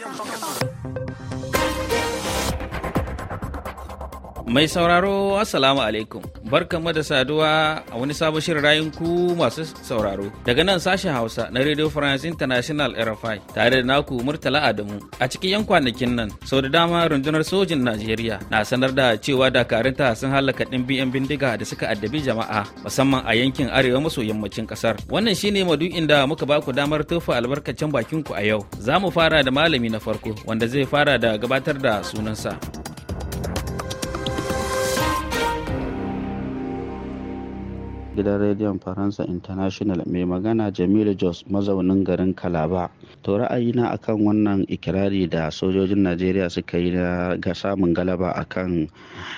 要放放。Mai sauraro Assalamu alaikum kama da saduwa a wani sabon shirin rayun ku masu sauraro daga nan sashen Hausa na Radio France International RFI tare da naku Murtala Adamu a cikin yan kwanakin nan sau da dama rundunar sojin Najeriya na sanar da cewa dakarunta sun halaka biyan bindiga da suka addabi jama'a musamman a yankin arewa maso yammacin ƙasar. wannan shine madu'in da muka ba ku damar tofa albarkacin bakin ku a yau za mu fara da malami na farko wanda zai fara da gabatar da sunansa. gidan rediyon faransa international mai magana jamilu jos mazaunin garin kalaba to ra'ayina akan wannan ikirari da sojojin najeriya suka yi ga samun galaba akan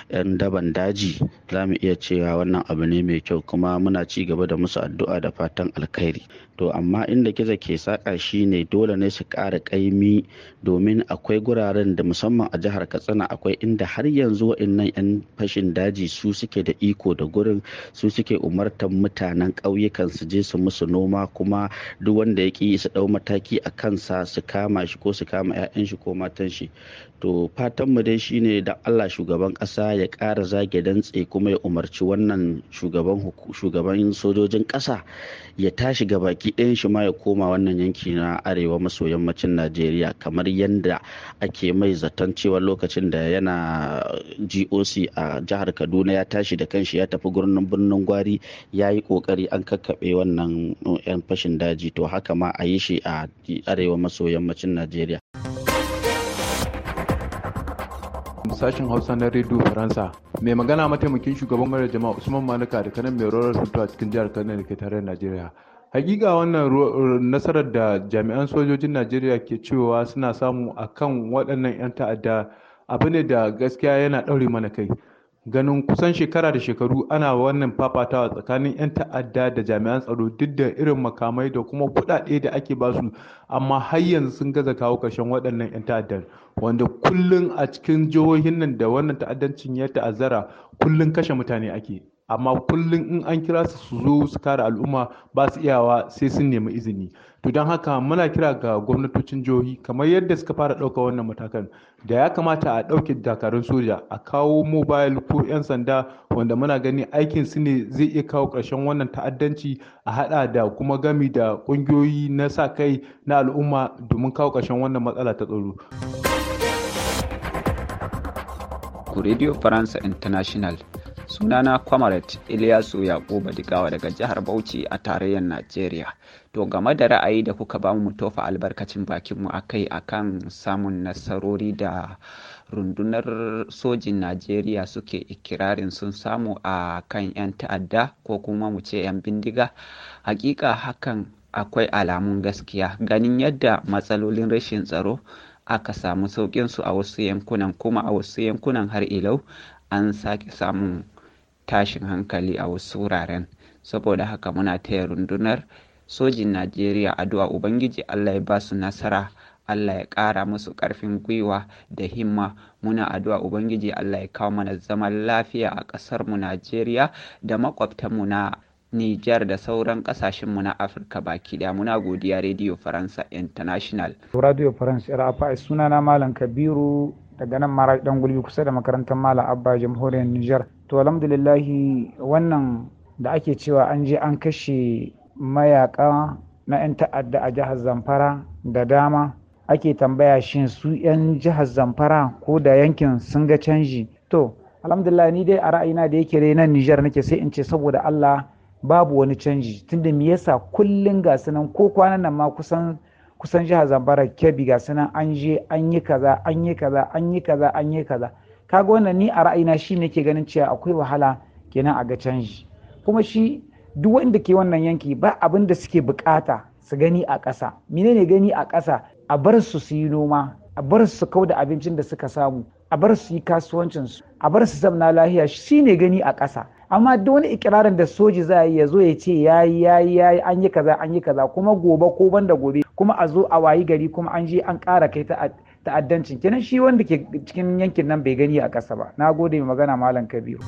'yan daban daji za mu iya cewa wannan abu ne mai kyau kuma muna ci gaba da musu addu'a da fatan alkhairi to amma inda gizo ke saƙa ne dole ne su ƙara ƙaimi domin akwai guraren da musamman a jihar katsina akwai inda har yanzu waɗannan 'yan fashin daji su suke da iko da gurin su suke umartar mutanen ƙauyukan su je su musu noma kuma duk wanda ya ƙi su ɗau mataki a kansa su kama shi ko su kama 'ya'yan shi ko matan shi to fatanmu dai shine da allah shugaban ƙasa ya ƙara zage dantse kuma ya umarci wannan shugaban sojojin ƙasa ya tashi ga baki ɗayan shi ma ya koma wannan yanki na arewa maso yammacin najeriya kamar yadda ake mai zaton cewa lokacin da yana goc a jihar kaduna ya tashi da kanshi ya tafi gurnin birnin gwari ya yi ƙoƙari an kakkaɓe wannan 'yan eh, fashin daji to haka ma a yi shi a arewa maso yammacin najeriya sashen Hausa na Rediyo Faransa. Mai magana mataimakin shugaban mara jama'a Usman Malika da kanan mai rawar a cikin jihar Kano da ke tare da Najeriya. Hakika wannan nasarar da jami'an sojojin Najeriya ke cewa suna samu akan waɗannan 'yan ta'adda abu ne da gaskiya yana ɗaure mana kai. ganin kusan shekara da shekaru ana wannan fafatawa tsakanin 'yan ta'adda da jami'an tsaro duk da irin makamai da kuma kuɗaɗe da ake basu amma har yanzu sun gaza kawo ƙarshen waɗannan 'yan ta'addan wanda kullum a cikin jihohin nan da wannan ta'addancin ya ta'azzara kullun kashe mutane ake amma kullun in an kira su su zo su kare al'umma ba su iyawa sai sun nemi izini to don haka muna kira ga gwamnatocin jihohi kamar yadda suka fara ɗauka wannan matakan da ya kamata a ɗauke dakarun soja a kawo mobile ko 'yan sanda wanda muna gani aikin su ne zai iya kawo ƙarshen wannan ta'addanci a haɗa da kuma gami da ƙungiyoyi na sa kai na al'umma domin kawo ƙarshen wannan matsala ta tsaro. ku Radio France International. Sunana Kwamarat Ilyasu Yakuba Digawa daga jihar Bauchi a tarayyar Najeriya. To game da ra'ayi da kuka ba mu tofa albarkacin bakinmu a kai a kan samun nasarori da rundunar sojin Najeriya suke ikirarin sun samu a kan 'yan ta'adda ko kuma mu ce 'yan bindiga. Hakika hakan akwai alamun gaskiya ganin yadda matsalolin rashin tsaro aka samu sauƙinsu a wasu yankunan kuma a wasu yankunan har ilau an sake samun tashin hankali a wasu wuraren saboda haka muna taya rundunar sojin najeriya addu'a ubangiji allah ya basu nasara allah ya ƙara musu ƙarfin gwiwa da himma muna addu'a ubangiji allah ya kawo mana zaman lafiya a ƙasarmu najeriya da maƙwabtanmu na Nijar da sauran kasashenmu na Afirka baki daya muna godiya Radio Faransa International. Radio France RFI sunana Malam Kabiru daga nan mara dan gulbi kusa da makarantar Malam Abba Jamhuriyar Nijar. To alhamdulillah, wannan da ake cewa an je an kashe mayaka na 'yan ta'adda a jihar Zamfara da dama ake tambaya shin su 'yan jihar Zamfara ko da yankin sun ga canji. To alhamdulillah ni dai a ra'ayina da yake dai nan Nijar nake sai in ce saboda Allah babu wani canji tunda me yasa kullun ga sunan ko kwanan nan ma kusan kusan jihar Zamfara Kebbi ga an je an yi kaza an yi kaza an yi kaza an yi kaza kaga wannan ni a ra'ayina shi ne ke ganin cewa akwai wahala kenan a ga canji kuma shi duk wanda ke wannan yanki ba abin da suke bukata su gani a ƙasa menene gani a ƙasa a bar su su yi noma a bar su kau da abincin da suka samu a bar su yi kasuwancinsu a bar su zamna lahiya shi ne gani a ƙasa amma duk wani ikirarin da soji za yi ya zo ya ce ya yi ya yi an yi kaza an yi kaza kuma gobe ko ban da gobe kuma a zo a wayi gari kuma an je an kara kai ta'addancin kenan shi wanda ke cikin yankin nan bai gani a ƙasa ba na gode mai magana malam kabiru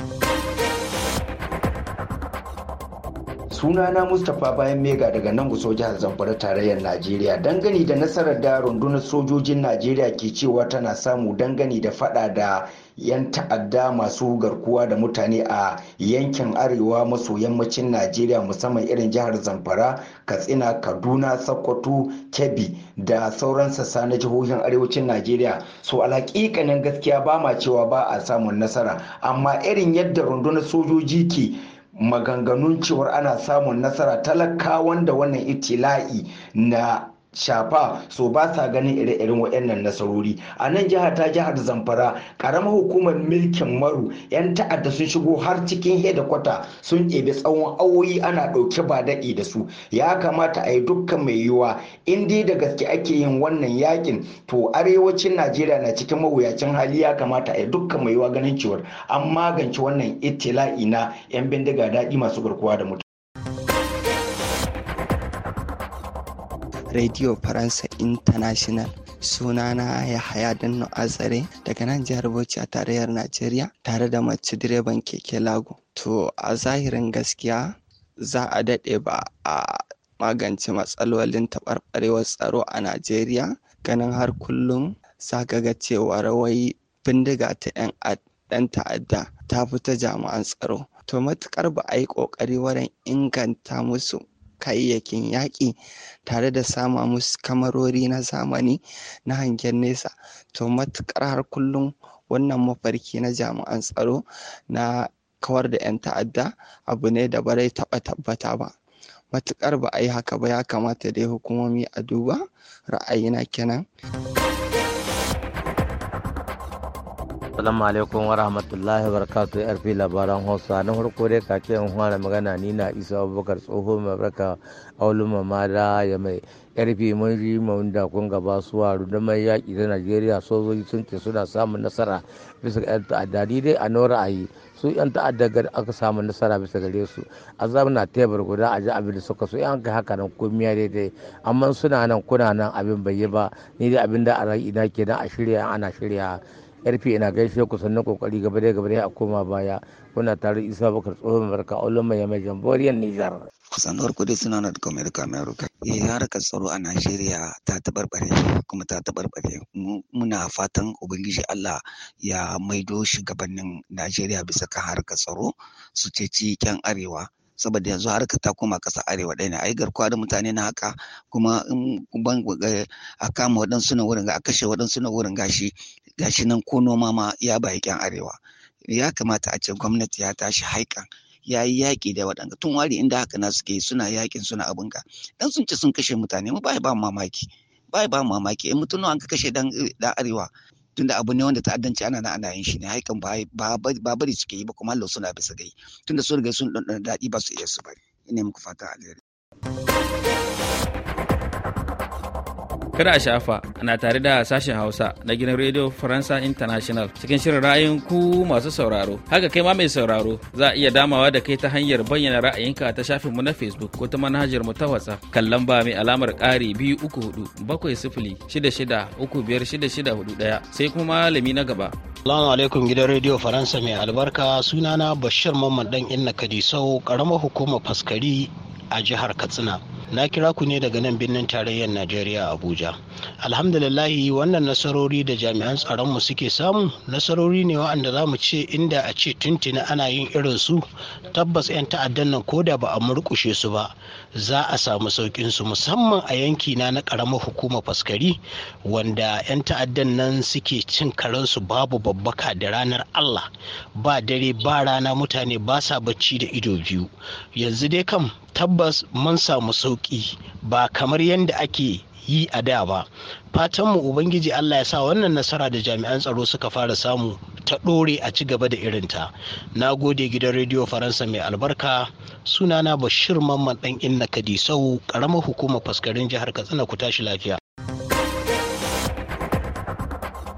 suna na mustapha bayan mega daga nan guso jihar zamfara tarayyar najeriya dangane da nasarar da rundunar sojojin najeriya ke cewa tana samu dangane da fada da 'yan ta'adda masu garkuwa da mutane a yankin arewa maso yammacin najeriya musamman irin jihar zamfara katsina kaduna sokoto kebbi da sauran sassa na jihohin arewacin najeriya so alhaƙiƙanin gaskiya ba ma cewa ba a samun nasara amma irin yadda rundunar sojoji ke maganganun cewar ana samun nasara talakawan da wannan itila'i na shafa so ba sa ganin ire-iren waɗannan nasarori a nan jiha ta jihar zamfara karamar hukumar milkin maru 'yan ta'adda sun shigo har cikin kwata sun ɗebi tsawon awoyi ana ɗauke ba daɗi da su ya kamata a yi dukkan mai yiwuwa in dai da gaske ake yin wannan yakin to arewacin najeriya na cikin mawuyacin hali ya kamata a yi dukkan mai yiwuwa ganin cewar an magance wannan itila'i na 'yan bindiga daɗi masu garkuwa da mutane Radio Faransa International. Sunana Yahaya Danno Azare daga nan jihar Bauchi a tarayyar Najeriya tare da mace direban keke Lago. To a zahirin gaskiya za a daɗe ba a magance matsalolin taɓarɓarewar tsaro a Najeriya ganin har kullum za ga cewa rawai bindiga ta 'yan ta'adda ta fita jami'an tsaro to matuƙar ba a yi ƙoƙari wurin inganta musu kayayyakin yaƙi tare da sama musu kamarori na zamani na hangen nesa to matuƙar har kullum wannan mafarki na jami'an tsaro na kawar da 'yan ta'adda abu ne da barai taɓa tabbata ba matuƙar ba a yi haka ba ya kamata dai hukumomi a duba ra'ayina kenan. Assalamu alaikum wa rahmatullahi wa barakatu yarfi labaran Hausa na farko dai kake in fara magana ni na Isa Abubakar tsoho mai barka aulu mamada ya mai yarfi mun ji mun da kun gaba su waru mai yaki da Najeriya sojoji sun ce suna samun nasara bisa ga ta'adda dai a nora ayi su yan ta'adda ga aka samu nasara bisa gare su azab na tebur guda a ji abin da suka so yan ka haka nan komiya daidai amma suna nan kuna nan abin bai yi ba ni dai abin da a rai ina kenan a shirya ana shirya karfe ina gaishe ku sannan kokari gaba da a koma baya kuna tare isa bakar tsohon barka olon mai yamai jamboriyar nijar sanuwar kudi suna na kamar kamar eh harkar tsaro a najeriya ta tabarbare kuma ta tabarbare muna fatan ubangiji allah ya maido shugabannin najeriya bisa kan harkar tsaro su ce kyan arewa saboda yanzu har ta koma ƙasa arewa ɗaya ne Ayi garkuwa da mutane na haka kuma in ban eh, a kama waɗansu na wurin a kashe waɗansu na wurin gashi gashi nan ko noma ma ya bayi ƙyan arewa ya kamata a ce gwamnati ya tashi haikan ya yi yaƙi da waɗanda tun wari inda haka na suke suna yaƙin suna abin ka dan sun ce sun kashe mutane mu ba ba mamaki ba ba mamaki in eh, mutum an ka kashe dan eh, arewa tunda abu ne wanda ta'addanci ana na ana yin shi ne haikan ba bari suke yi ba kuma Allah suna bisa gai tunda sun riga sun ɗanɗana daɗi ba su iya su bari ina muku fata alheri. Kada a shafa ana tare da sashen Hausa na gidan Radio Faransa International cikin shirin ra'ayin ku masu sauraro. Haka kai ma mai sauraro za a iya damawa da kai ta hanyar bayyana ra'ayinka ta shafinmu na Facebook ko ta manhajar mu ta WhatsApp kallon lamba mai alamar ƙari biyu uku hudu bakwai sifili shida shida uku biyar shida shida hudu ɗaya sai kuma malami na gaba. Salamu alaikum gidan Radio Faransa mai albarka sunana Bashir Mamman dan Inna Kadisau karamar hukumar Faskari a jihar Katsina. na kira ku ne daga nan birnin tarayyar najeriya abuja alhamdulillahi wannan nasarori da jami'an tsaronmu suke samu nasarori ne wa'anda za mu ce inda a ce tuntuni ana yin irin su tabbas 'yan ta'addan nan ko da ba a murkushe su ba za a samu saukin su musamman a yanki na na karamar hukumar faskari wanda 'yan ta'addan nan suke cin karensu babu babbaka da ranar allah ba dare ba rana mutane ba sa bacci da ido biyu yanzu dai kam tabbas mun samu sauki sauƙi ba kamar yadda ake yi a da ba fatanmu ubangiji allah ya sa wannan nasara da jami'an tsaro suka fara samu ta ɗore a ci gaba da irinta na gode gidan rediyo faransa mai albarka sunana bashir mamman ɗan inna kadisau ƙaramar hukumar faskarin jihar katsina ku tashi lafiya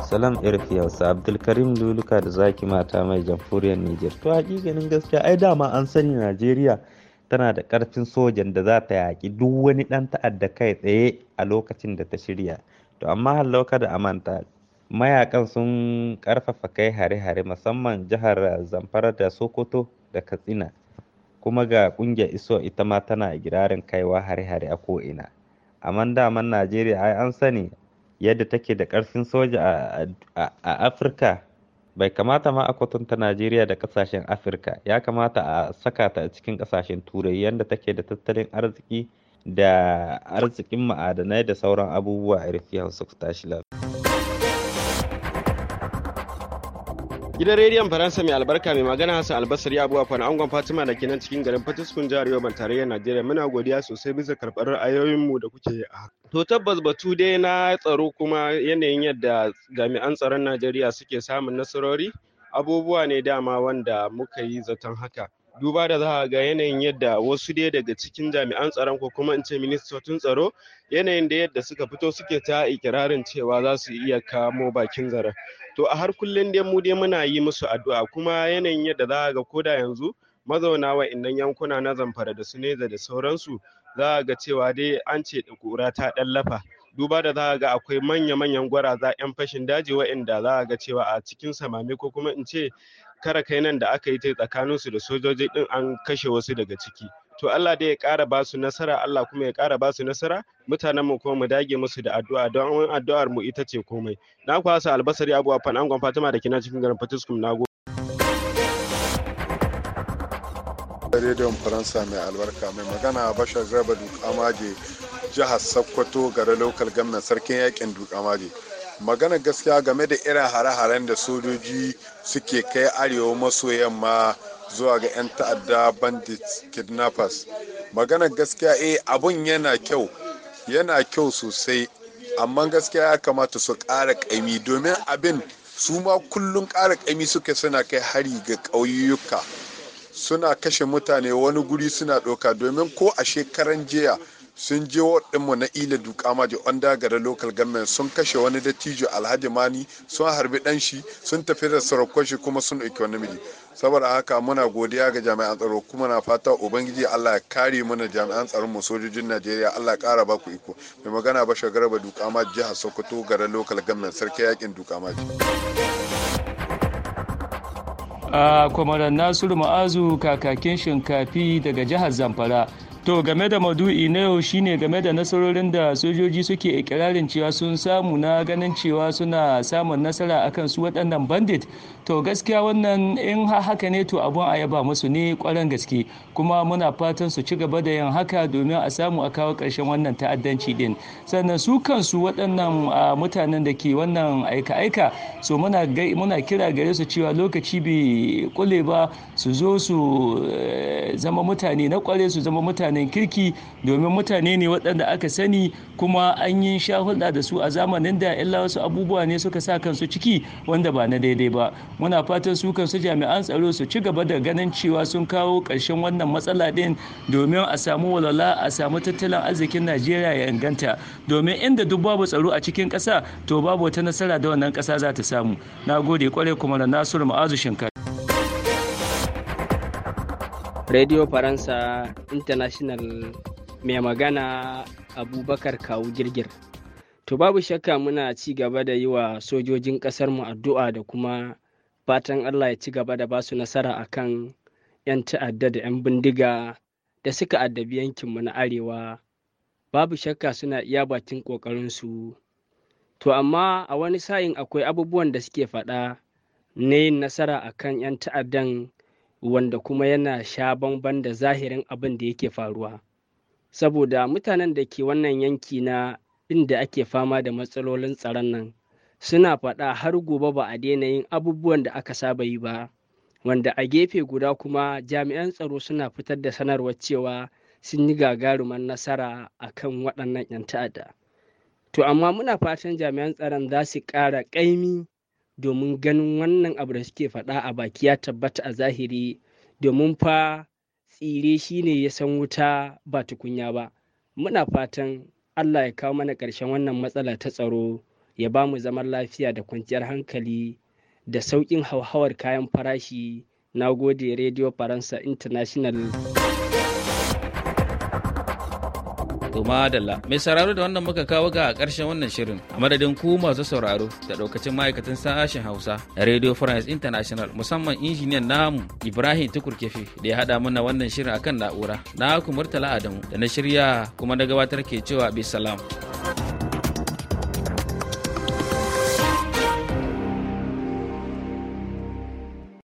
salam irfiyar sa abdulkarim luluka da zaki mata mai jamhuriyar niger to hakikanin gaskiya ai dama an sani najeriya tana da ƙarfin sojan da za ta yaƙi duk wani ɗan ta'adda kai tsaye a lokacin da ta shirya to amma hallauka da amanta mayaƙan sun ƙarfafa kai hare-hare musamman jihar zamfara da sokoto da katsina kuma ga ƙungiyar iso ita ma tana girarin kaiwa hare-hare a ko'ina amma daman najeriya ai an sani yadda take da ƙarfin soja a afirka bai kamata ma a kwatanta najeriya da kasashen afirka ya kamata a saka ta a cikin kasashen turai yadda take da tattalin arziki da arzikin ma'adanai da sauran abubuwa a irin su tashi Gidan rediyon Faransa mai albarka mai magana Hassan Albasari Abuwa Fana Angon Fatima da ke nan cikin garin Fatiskun jihar Yoban tarayyar Najeriya muna godiya sosai bisa karɓar ra'ayoyinmu da kuke a To tabbas batu dai na tsaro kuma yanayin yadda jami'an tsaron Najeriya suke samun nasarori abubuwa ne dama wanda muka yi zaton haka. duba da za ga yanayin yadda wasu dai daga cikin jami'an tsaron ko kuma in ce ministocin tsaro yanayin da yadda suka fito suke ta ikirarin cewa za su iya kamo bakin zara to a har kullum dai mu dai muna yi musu addu'a kuma yanayin yadda za ga koda yanzu mazauna innan yankuna na zamfara da su neza da sauransu za ga cewa dai an ce da kura ta ɗallafa duba da za ga akwai manya-manyan gwara za 'yan fashin daji wa'inda za ga cewa a cikin samami ko kuma in ce kare nan da aka yi ta su da sojoji din an kashe wasu daga ciki to Allah dai ya kara ba su nasara Allah kuma ya kara ba su nasara mutanen mu kuma mu dage musu da addu'a don addu'ar mu ita ce komai na ku hasa albasari abuwa fan angon fatima da kina cikin garin fatiskum na go rediyon faransa mai albarka mai magana bashar garba dukamaje jihar sokoto garin lokal gamnan sarkin yakin dukamaje magana gaskiya game da irin hare-haren da sojoji suke kai arewa maso yamma zuwa ga 'yan ta'adda bandit kidnappers magana gaskiya eh abun yana kyau yana kyau sosai amma gaskiya ya kamata su ƙara ƙaimi domin abin su ma kullum ƙara ƙaimi suke suna kai hari ga ƙauyuka suna kashe mutane wani guri suna ɗauka domin ko a shekaran jiya sun je ɗinmu na ila duka maji onda gare local government sun kashe wani dattijo alhaji mani sun harbi ɗan shi sun tafi da sarakwashi kuma sun ɗauki wani saboda haka muna godiya ga jami'an tsaro kuma na fata ubangiji allah ya kare mana jami'an tsaron mu sojojin najeriya allah ƙara ba ku iko mai magana ba garba duka maji jihar sokoto gare local government sarki yakin duka maji. a ah, kwamaran nasiru ma'azu kakakin shinkafi daga jihar zamfara To game da madu'i na yau shine game da nasarorin da sojoji suke ikirarin cewa sun samu na ganin cewa suna samun nasara akan su waɗannan bandit. To gaskiya wannan in haka ne to abun a yaba musu ne kwaran gaske kuma muna fatan su ci gaba da yin haka domin a samu a kawo ƙarshen wannan ta'addanci din. Sannan su kansu waɗannan mutanen da ke wannan aika-aika so muna kira gare su cewa lokaci bai kule ba su zo su eh, zama mutane na ƙware su zama mutane zamanin kirki domin mutane ne waɗanda aka sani kuma an yi shahulɗa da su a zamanin da illa wasu abubuwa ne suka sa kansu ciki wanda ba na daidai ba muna fatan su kansu jami'an tsaro su ci gaba da ganin cewa sun kawo ƙarshen wannan matsala ɗin domin a samu walwala a samu tattalin arzikin najeriya ya inganta domin inda duk babu tsaro a cikin ƙasa to babu wata nasara da wannan ƙasa za ta samu na gode kwarai kuma da nasiru ma'azu shinkafa Radio Faransa International mai magana Abubakar Kawu Girgir. To babu shakka muna ci gaba da yi wa sojojin ƙasarmu addu'a da kuma fatan Allah ya ci gaba da basu nasara a kan 'yan ta'adda da 'yan bindiga da suka addabi yankinmu na arewa babu shakka suna iya bakin ƙoƙarinsu. To amma a wani sayin akwai abubuwan da suke faɗa na yin nasara akan 'yan ta'addan wanda kuma yana sha bamban da zahirin abin da yake faruwa saboda mutanen da ke wannan yanki na inda ake fama da matsalolin tsaron nan suna faɗa har gobe ba a daina yin abubuwan da aka saba yi ba wanda a gefe guda kuma jami'an tsaro suna fitar da sanarwar cewa sun yi gagaruman nasara a kan waɗannan 'yan ta'adda to amma muna fatan jami'an tsaron za su ƙara ƙaimi domin ganin wannan abu da suke faɗa a baki ya tabbata a zahiri domin fa tsire shi ne ya san wuta ba tukunya ba muna fatan allah ya kawo mana ƙarshen wannan matsala ta tsaro ya ba mu zaman lafiya da kwanciyar hankali da sauƙin hauhawar kayan farashi na gode radio faransa international To Dalla, mai sauraro da wannan muka kawo ga ƙarshen wannan shirin. A madadin ku masu sauraro da ɗaukacin ma'aikatan sashen Hausa da Radio France International musamman injiniyan namu Ibrahim tukurkefe da ya haɗa mana wannan shirin akan na'ura. Na ku Murtala Adamu da na shirya kuma na gabatar ke cewa bi salam.